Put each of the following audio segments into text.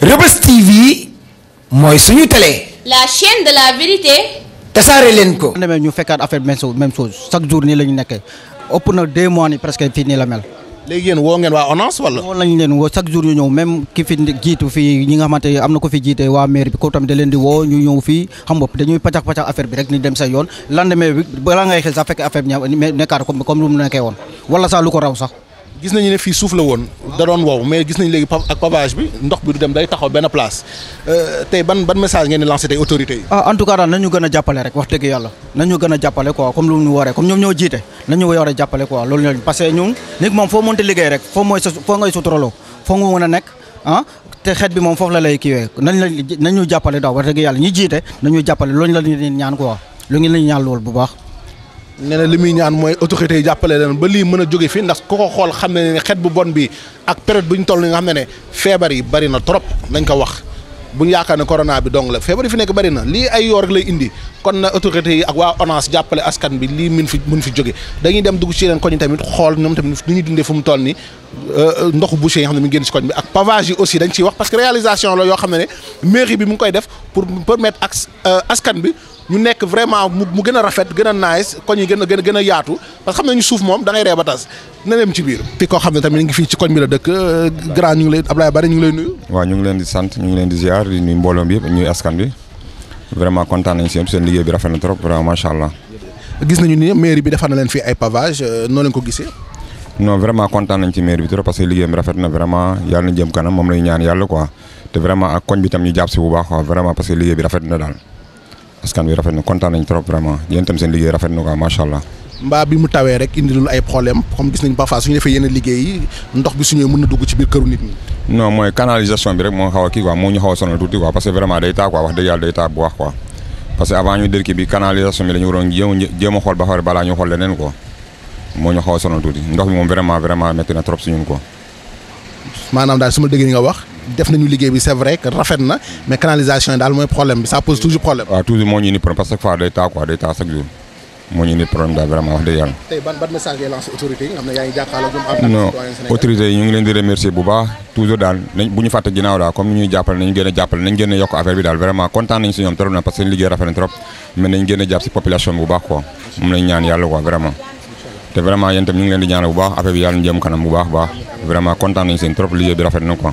Reubeuss TV mooy suñu télé. la chaîne de la vérité. tasaare leen ko. bu ñu fekkaat affaire même chose même chose chaque jour nii la ñu nekkee ëpp na deux mois ni presque fii nii la mel. léegi yéen woo ngeen waa ONAS wala. woo leen woo chaque jour ñu ñëw même ki fi jiitu fii ñi nga xamante am na ko fi jiite waa maire bi ko tamit da leen di woo ñu ñëw fii xam bopp dañuy pàccax pàccax affaire bi rek ni dem sa yoon lendemain bi balaa ngay xel sax fekk affaire bi nekkaat comme comme gis nañu ne fi suuf la woon da doon wow mais gis nañu léegi ak pavage bi ndox bi du dem day taxaw benn place euh, tey ban message ngeen di lancé tey autorités yi. ah en daal nañu gën a jàppale rek wax dëgg yàlla nañu gën a jàppale quoi comme lu ñu waree comme ñoom ñoo jiite nañu war a jàppale quoi loolu nit moom foo mënti liggéey rek foo mooy suturaloo foo nga mën a nekk ah te xeet bi moom foofu la lay kiiwee nañ nañu jàppale daaw wax dëgg yàlla ñi jiite nañu jàppale loolu la ñuy ñaan quoi lu ngi nee na li muy ñaan mooy autorité yi jàppale leen ba lii mën a jóge fi ndax ko ko xool xam ne ne xet bu bon bi ak période bu ñu toll ni nga xam ne ne feebar yi barina na trop nañ ko wax bu ñu yaakaar ne corona bi dong la feebar yi fi bari na lii ay indi kon na autorité yi ak waa ONAS jàppale askan bi lii mun fi mun fi jóge dañuy dem dugg ci yeneen koñ tamit xool ñoom tamit nu ñuy dundee fu mu toll ni euh, ndoxu bouché yi nga xam ne mu génn ci koñ bi ak pavage yi aussi dañ ciy wax parce que réalisation la yoo xam ne ne mairie bi mu ngi koy def pour permettre ak euh, askan bi ñu nekk vraiment mu gën a rafet gën a nice koñ yi gën a gën a yaatu parce que xam nañu suuf moom da ngay ree ba tas na ci biir. fi koo xam ne tamit ngi fii ci koñ bi la dëkk euh, grand ñu ngi lay Ablaye Bari ngi lay nuyu. waaw ñu ngi leen di sant ñu ngi leen di ziar di nuyu mbooloo bi yëpp ñuy askan bi vraiment kontaan nañ si seen liggéey bi rafet na trop vraiment macha allah. gis nañu ni mairie bi defar na leen fii ay pavage euh, noo leen ko gisee. non vraiment kontaan nañ ci mairie bi trop na vraiment yàlla na jëm moom la ñu yàlla quoi te vraiment ak koñ bi tam ñu jàpp si bu rafet na askan wi rafet na kontaan nañ trop vraiment yéen itam seen liggéey rafet na quoi macha allah. mbaa bi mu tawee rek indilul ay problème comme gis nañ parfois suñu defee yenn liggéey yi ndox bi suñuy mën na dugg ci biir këru nit ñi. non mooy canalisation bi rek moo xaw a kii quoi moo ñu xaw a sonal tuuti quoi parce que vraiment day taa quoi wax dëgg yàlla day taa bu wax quoi parce avant ñu dërki bi canalisation bi la waroon jéem jéem xool ba xawar balaa moom vraiment vraiment métti na trop si ñun quoi. maanaam daal su nga wax def nañu liggéey bi c'est vrai que rafet na mais canalisation yi daal mooy problème bi ça pose toujours problème. waaw toujours moo ñu ni problème parce que fois day taa quoi day taa chaque jour moo ñu ni problème daal vraiment wax dëgg yàlla. tey ban ban message ngay lancer autorité yi nga xam ne yaa ngi jàkkaarloo ñoom. non autorité yi ñu ngi leen di remercier bu baax toujours daal nañ bu ñu fàtte ginnaaw daal comme ñuy jàppale nañ gën a jàppale nañ gën a yokk affaire bi daal vraiment content nañ si ñoom trop na parce que liggéey rafet na trop mais nañ gën a jàpp si population bu baax quoi moom lañ ñaan yàlla quoi vraiment te vraiment yéen tam ñu ngi leen di ñaanal bu baax affaire bi yàlla ñu jëm kanam bu baax baax vraiment kontaan nañ seen trop liggéey bi rafet na quoi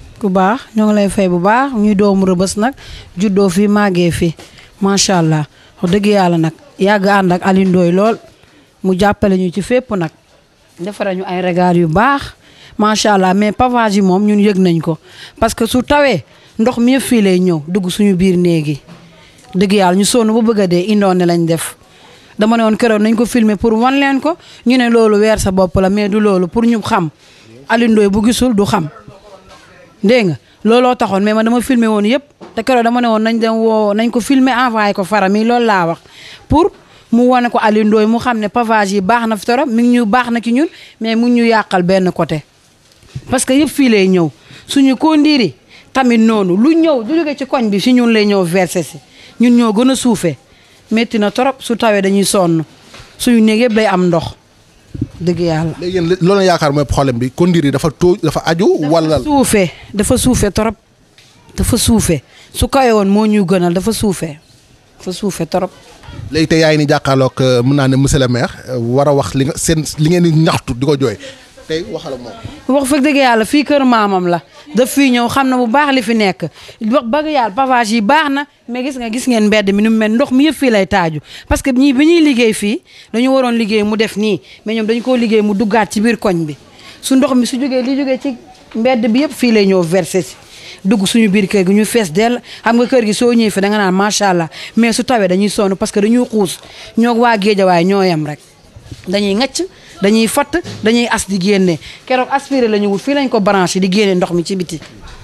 bu baax ñoo ngi lay fay bu baax ñuy doomu rëbës nag juddoo fii màggee fi macha allah wax dëgg yàlla nag yàgg ànd ak Alioune lool mu jàppale ñu ci fépp nag defara ñu ay regal yu baax macha allah mais pavage yi moom ñun yëg nañ ko parce que su tawee ndox mi yëpp fii lay ñëw dugg suñu biir néegi yi dëgg yàlla ñu sonn bu bëgg a dee indoone lañ def. dama ne woon keroog nañ ko filmer pour wan leen ko ñu ne loolu weer sa bopp la mais du loolu pour ñu xam Alioune bu gisul du xam. dégg nga looloo taxoon mais man dama filmer woon yëpp te keroog dama ne woon nañ dem woo nañ ko filmer envoyé ko fara mi loolu laa wax pour mu wane ko Aliou mu xam ne pavage yi baax na fi torop mi ngi ñu baax na ki ñun mais mu ñu yàqal benn côté parce que yëpp fii lay ñëw suñu ko ndiiri tamit noonu lu ñëw du jóge ci koñ bi si ñun lay ñëw verse si ñun ñoo gën a suufee metti na torop su tawee dañuy sonn suñu néeg yëpp lay am ndox dëgg yàlla léegi yaakaar mooy problème bi kondir yi dafa tóoj dafa aju. wala suufee dafa suufee trop. dafa suufee su woon moo ñu gënal dafa suufee dafa suufee trop. léegi te yaay ni jàkkaarloog euh, mën naa ne monsieur le maire euh, war a wax li nga seen li ngeen di ñaxtu di ko jooy tey waxal moom. wax fa dëgg yàlla fii kër maamam la daf fii ñëw xam na bu baax li fi nekk wax bëgg yàlla pavage yi baax na mais gis nga gis ngeen mbedd mi nu mu mel ndox mi yëpp fii lay taaju parce que ñii bi ñuy liggéey fii dañu waroon liggéey mu def nii mais ñoom dañu koo liggéey mu duggaat ci biir koñ bi su ndox mi su jógee li jógee ci mbedd bi yëpp fii lay ñëw verse si dugg suñu biir kër gi ñu fees dell xam nga kër gi soo ñëwee fi danga naan macha allah mais su tawee dañuy sonn parce que dañuy xuus ñoo waa géejawaay ñoo yem rek dañuy ngacc dañuy fatt dañuy as di génne keroog aspiré la ñu wut fii lañ ko branché di génne ndox mi ci biti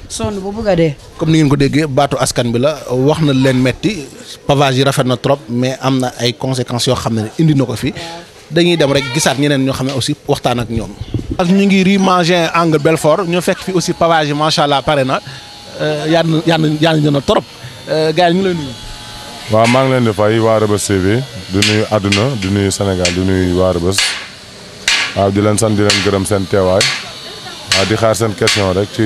sonn bu bëgg a comme ni ngeen ko déggee baatu askan bi la wax na leen metti pavage yi rafet na trop mais am na ay conséquence yoo xam ne indi na ko fi dañuy dem rek gisaat ñeneen ñoo xam ne aussi waxtaan ak ñoom. ñu ngi rue Mangin angle Belfort ñu fekk fi aussi pavage yi macha allah pare na yaan yaan yaan na trop euh, gars yi ñu ngi lay nuyu. waaw maa ngi leen di fay waa Reubeuss TV nuyu àdduna di nuyu Sénégal di nuyu waa waaw di leen sant di leen gërëm seen teewaay waaw di xaar seen question rek ci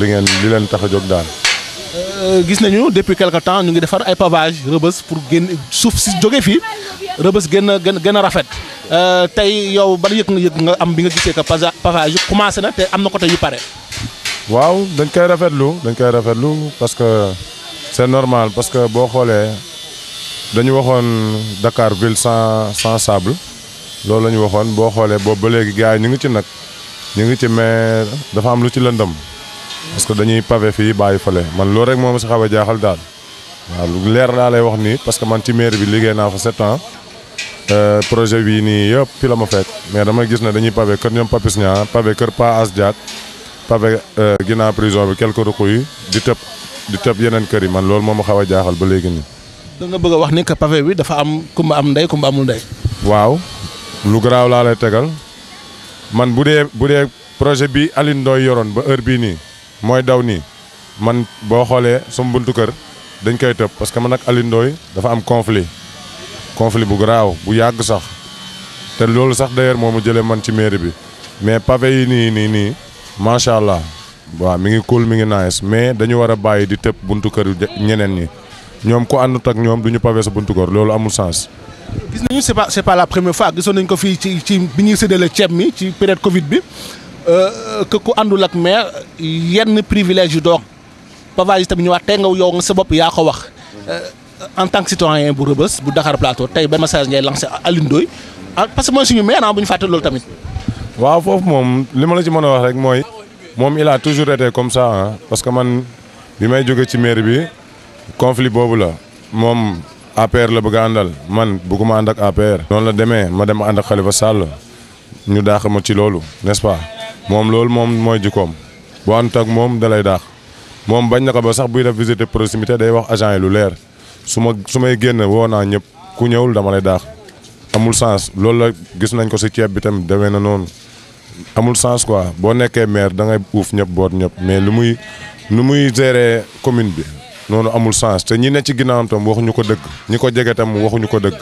li ngeen li leen tax a jóg daal. Euh, gis nañu depuis quelque temps ñu ngi defar ay pavage rëbës pour génn suuf si jóge fii rëbës gën gën rafet euh, tey yow ban yëg nga yëg nga am bi nga gisee que pavage commencé na te am na côté yu pare. waaw dañ koy rafetlu dañ koy rafetlu parce que c'est normal parce que boo xoolee dañu waxoon Dakar ville sans sans sable loolu lañu waxoon boo xoolee boobu ba léegi gars ñu ngi ci nag ñu ngi ci mais dafa am lu ci lëndam parce que dañuy pavé fii bàyyi fale man loolu rek moom si xaw a jaaxal daal waaw leer laa lay wax nii parce que man ci maire bi liggéey naa fa sept ans euh, projet bii nii yëpp fi la ma fekk mais dama gis ne dañuy pavé kër ñoom Papis Niang pavé kër Pa As Diack pavé euh, ginnaaw prison bi quelque ruq yi di tëb di tëb yeneen kër yi man loolu moom ma xaw a jaaxal ba léegi nii. da nga bëgg a wax ni que pavé bi dafa am kumba am ndey kumba amul ndey. waaw lu graw laa lay tegal man budé budé projet bi Alioune ndoy yoron ba heure bi ni moy daw ni man bo xolé sum buntu keur dañ koy top parce que man ak Alioune ndoy dafa am conflit conflit bu graw bu yag sax té lolu sax d'ailleurs momu jëlé man ci maire bi mais pavé yi ni ni ni machallah allah mi ngi cool mi ngi nice mais dañu wara bayyi di tepp buntu keur ñeneen ñi ñom ko andut ak ñom duñu pavé sa buntu keur lolu amul sens. gis nañu c'est pas c'est pas la première fois gisoon nañ ko fii ci ci bi ñuy séddale ceeb mi ci période Covid bi euh, que ku àndul ak maire yenn privilège yu doo pavage tamit ñëwaat tey nga yow nga sa bopp yaa ko wax euh, en tant que citoyen bu Rebeuss bu Dakar Plateau tey benn message ngay lancé Alioune Ndoye ah, parce que suñu maire ah bu ñu fàtte loolu tamit. waaw foofu moom li ma la ci mën a wax rek mooy moom il toujours été comme sa parce que man bi may jóge ci maire bi conflit boobu la moom. APR la bëgg a àndal man bëgguma ànd ak APR. noonu la demee ma dem ànd ak Khalifa Sall ñu daax ma ci loolu n'est-ce moom loolu moom mooy jikkoom boo ànd ak moom dalay daax moom bañ na ko ba sax buy def visite proximité day wax agent yi lu leer su ma su may génn woo naa ñëpp ku ñëwul dama lay daax. amul sens loolu la gis nañ ko si ceeb bi tamit demee na noonu amul sens quoi boo nekkee maire dangay ngay uuf ñëpp boot ñëpp mais lu muy nu muy gérer commune bi. noonu amul sens te ñi ne ci ginaam tam waxuñu ko dëgg ñiko ko tam waxuñu ko dëgg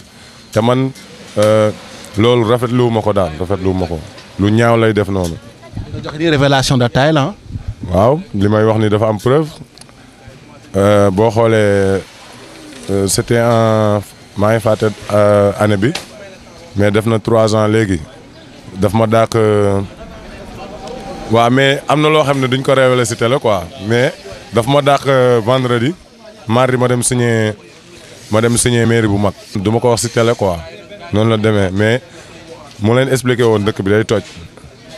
te man euh lool rafet lu mako daan rafet lu mako lu ñaaw lay def noonu. nga jox ni révélation de taille hein? waaw limay wax ni dafa am preuve euh bo xolé euh, c'était un maa ngi euh année bi mais def na 3 ans légui daf ma euh... waaw mais amna lo xamné duñ ko révéler ci télé quoi mais. daf ma dàq euh, vendredi mardi ma dem signé ma dem signé mairie bu mag. duma ko wax si télé quoi noonu la demee mais mu leen expliqué woon dëkk bi day toj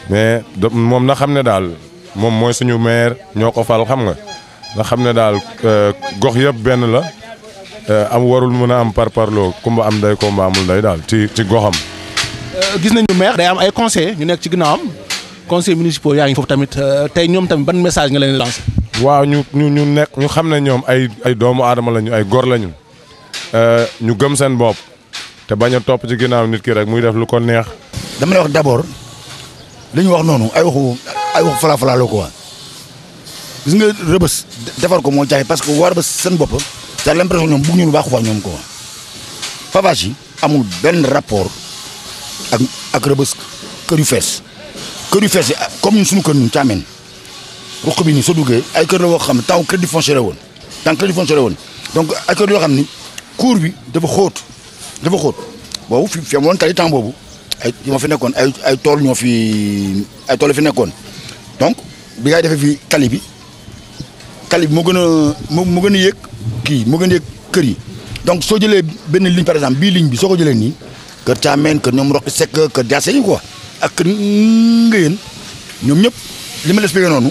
mais moom na xam ne daal moom mooy suñu maire ñoo ko fal xam nga na xam ne daal euh, gox yëpp benn la euh, am warul mun a am par parloo kumba am day kumba amul day daal ci ci goxam. gis nañu maire day am ay conseillers ñu nekk ci ginnaawam conseil municipal yaa ngi foofu tamit tey ñoom tamit ban message nga leen lancé. waaw ñu ñu ñu nekk ñu xam ne ñoom ay ay doomu aadama lañu ay gor lañu euh, ñu gëm seen bopp te bañ a topp ci ginnaaw nit ki rek muy def lu ko neex. dama lay wax d' abord li ñu wax noonu ay waxu ay waxu fala la quoi gis nga rëbës defar ko moo jaay parce que waa rëbës seen bopp c' est l' impression ñoom bëgg ñu lu baax quoi ñoom quoi Favache amul benn rapport ak ak rëbës kër yu fees kër yu fees comme ñun suñu kër ñun caamen. ruq bi nii soo duggee ay kër la yoo xam ne taw crédit foncier la woon tant crédit foncier la woon donc ay kër yoo xam ni cour bi dafa xoot dafa xóot boobu fi fi amoon tali temps boobu ay ñoo fi nekkoon ay ay tool ñoo fi ay tool fi nekkoon donc bi ngay defee fi tali bi kali bi moo gën a moo gën a yéeg kii moo gën a yéeg kër yi donc soo jëlee benn ligne par exemple bii ligne bi soo ko jëlee nii kër Thiamène kër ñoom Roqi Seck kër Diassé yi quoi ak kër Ngéyeen ñoom ñëpp li ma la expliqué noonu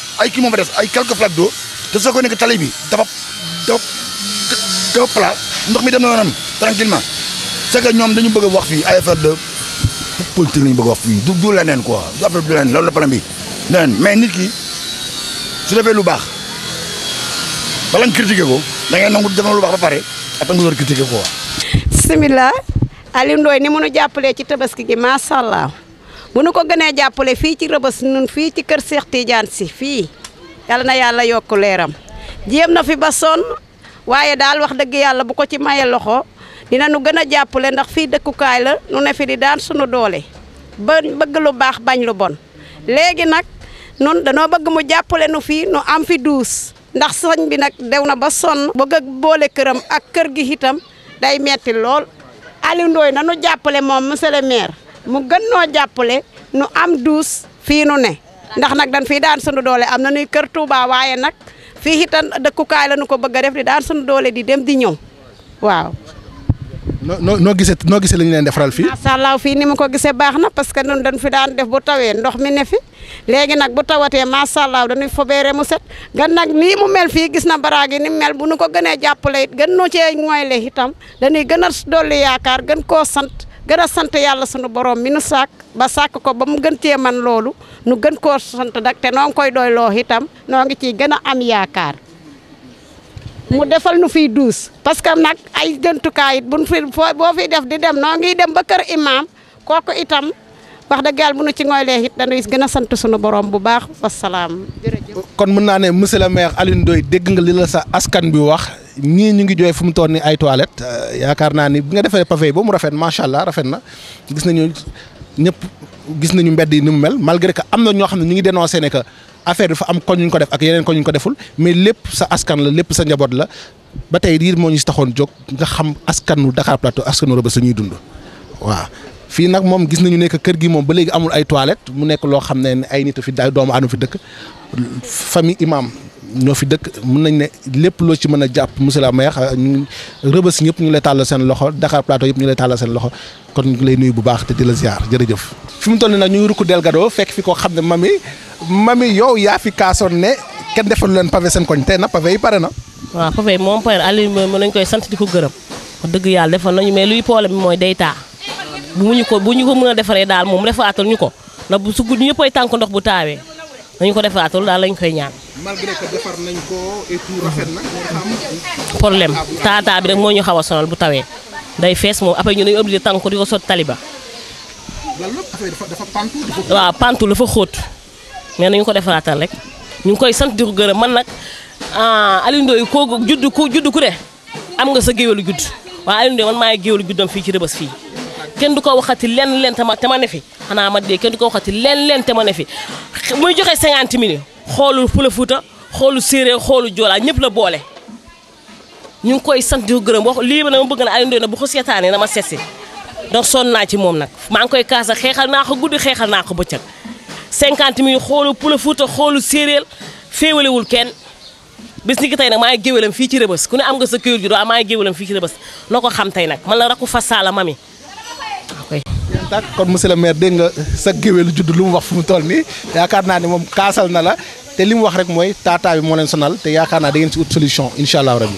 ay ki mo fa def ay quelques flaques d'eau te soo ko nekk tali bi dafa dafa dafa plat ndox mi dem na yoonam tranquillement c'est que ñom dañu bëgg wax fi ay affaire de politique ñu bëgg wax fi du lenen quoi du affaire du lenen loolu la problème bi lenen mais nit ki su defé lu bax ba lañ critiquer ko da ngay nangu defal lu bax ba paré après nga door critiquer quoi. bisimilah Aliou Ndoye ni mënu jappalé ci tabaski gi ma sha allah. bu nu ko gënee jàppale fii ci rëbës nun fii ci kër seex Tidiane si fii yàlla na yàlla yokk leeram jéem na fi ba sonn waaye daal wax dëgg yàlla bu ko ci maye loxo dina nu gën a jàppale ndax fii dëkkukaay la nu ne fi di daan sunu doole ba bëgg lu baax bañ lu bon léegi nag nun danoo bëgg mu jàppale nu fii nu am fi duus ndax sëñ bi nag dew na ba sonn bëgg a boole këram ak kër gi itam day metti lool Aliou Ndoye nanu jàppale moom monsieur le maire mu gën noo jàppale nu am duus fii nu ne ndax nag dan fii daan sunu doole am na nuy kër Touba waaye nag fii itam dëkkukaay la nu ko bëgg def di daan sunu doole di dem di ñëw waaw. noo noo gisee noo gisee li ñu leen defaral fii. macha allah fii ni mu ko gisee baax na parce que ñun dañ fi daan def bu tawee ndox mi ne fi léegi nag bu tawatee macha allah dañuy fobeere mu set gan nag mii mu mel fii gis na baraag yi ni mel bu nu ko gënee jàppale it gën noo cee mooy le itam gën a dolli yaakaar gën koo sant. gëna sante yalla suñu borom mi nu sak ba sak ko ba mu gën cee man loolu nu gën ko sante dak te no ngi koy doy lo hitam no ngi ci gëna am yaakar mu defal nu fi duus parce que nak ay jëntukaay it buñ fi bo fi def di dem no ngi dem ba kër imam koku itam wax da gal bu nu ci le hit da gën gëna sante suñu borom bu baax wassalam kon mën na ne monsieur le maire aline doy dégg nga li la sa askan bi wax. ñii ñu ngi jooy fu mu toll nii ay toilettes euh, yaakaar naa ni bi nga defee pavé ba mu rafet macha allah rafet na gis nañu ñëpp gis nañu mbedd yi ni mu mel malgré que am na ñoo xam ne ñu ngi dénoncé ne que affaire bi fa am koñ ñu ko def ak yeneen koñ ñu ko deful mais lépp sa askan la lépp sa njaboot la ba tey diir moo ñu si taxoon jóg nga xam askanu Dakar Plateau askanu Rebeuss la ñuy dund waaw. fii nag moom gis nañu ne que kër gi moom ba léegi amul ay toilettes mu nekk loo xam ne ay nit fi daay doomu aadama fi dëkk famille imam ñoo fi dëkk mën nañ ne lépp loo ci mën a jàpp monsieur le maire euh, rëbës ñëpp ñu lay tàllal seen loxo Dakar Plateau yëpp ñu lay tàllal seen loxo kon ñu lay nuyu bu baax te di la ziar jërëjëf. fi mu toll nii nag ñu ngi rukk Delgado fekk fi ko xam ne mami mami yow yaa fi kaasoon ne kenn defal leen pavé seen koñ tey na pavé yi pare na. waaw pavé moom pare Aliou moom nañ koy sant di ko gërëm dëgg yàlla defal nañu mais luy problème bi mooy day taa bu ñu ko bu ñu ko mën a defaree daal moom defaatal ñu ko ndax bu su guddi ñëppay tànk ndox bu nañu ko defaatul daal lañ koy ñaan. malgré que defar nañ ah, bi nag moo ñu xaw a sonal bu tawee day fees moom après ñu dañu obligé tànk ko di ko sotti taliba. waaw pantu dafa xóot mais nañu ko defaraatal rek ñu ngi koy sant di ko man nag ah, Aliou Ndoye koo judd ku judd ku ne am nga sa géwélu judd waaye Aliou Ndoye man maay géwélu juddam fii ci rëbës fii. kenn du ko waxati lenn leen tama tama ne fi xanaa ma dee kenn du ko waxati lenn leen tama ne fi muy joxe 50 millions xoolu Pula Fuuta xoolu séeréer xoolu joolaa ñëpp la boole ñu ngi koy sant di ko gërëm lii ma ne ma bëgg na Alioune Ndoye na bu ko seetaanee na ma seet si donc sonn naa ci moom nag maa ngi koy kaasa xeexal naa ko guddi xeexal naa ko bëccëg 50 millions xoolu Pula Fuuta xoolu séeréer féewalewul kenn bis ni ki tey nag maa ngi fii ci rëbës ku ne am nga sa këyit doo am maa ngi fii ci rëbës noo ko xam tey nag man la rakku fasaala mami tak kon monsieur le maire dégg nga sa géwélu judd lu mu wax fu mu toll nii yaakaar naa ne moom kaasal na la te li mu wax rek mooy taataa bi moo leen sonal te yaakaar naa da ngeen ci ut solution incha allah rabi.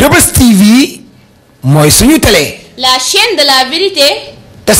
Reubeuss TV mooy suñu télé. la